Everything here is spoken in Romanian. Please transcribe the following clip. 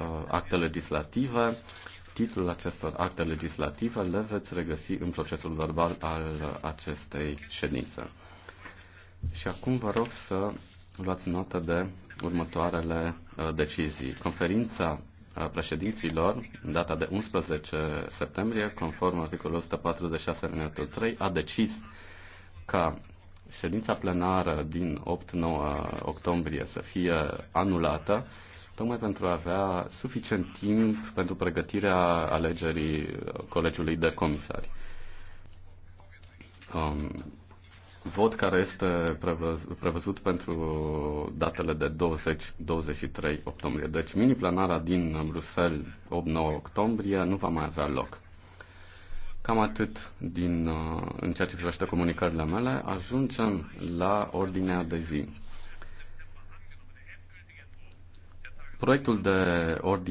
Uh, acte legislative. Titlul acestor acte legislative le veți regăsi în procesul verbal al acestei ședințe. Și acum vă rog să luați notă de următoarele uh, decizii. Conferința uh, președinților, în data de 11 septembrie, conform articolul 146 în 3, a decis ca ședința plenară din 8-9 octombrie să fie anulată tocmai pentru a avea suficient timp pentru pregătirea alegerii colegiului de comisari. Um, vot care este prevăzut pentru datele de 20-23 octombrie. Deci mini planarea din Bruxelles 8-9 octombrie nu va mai avea loc. Cam atât din, uh, în ceea ce privește comunicările mele. Ajungem la ordinea de zi. Proiectul de ordin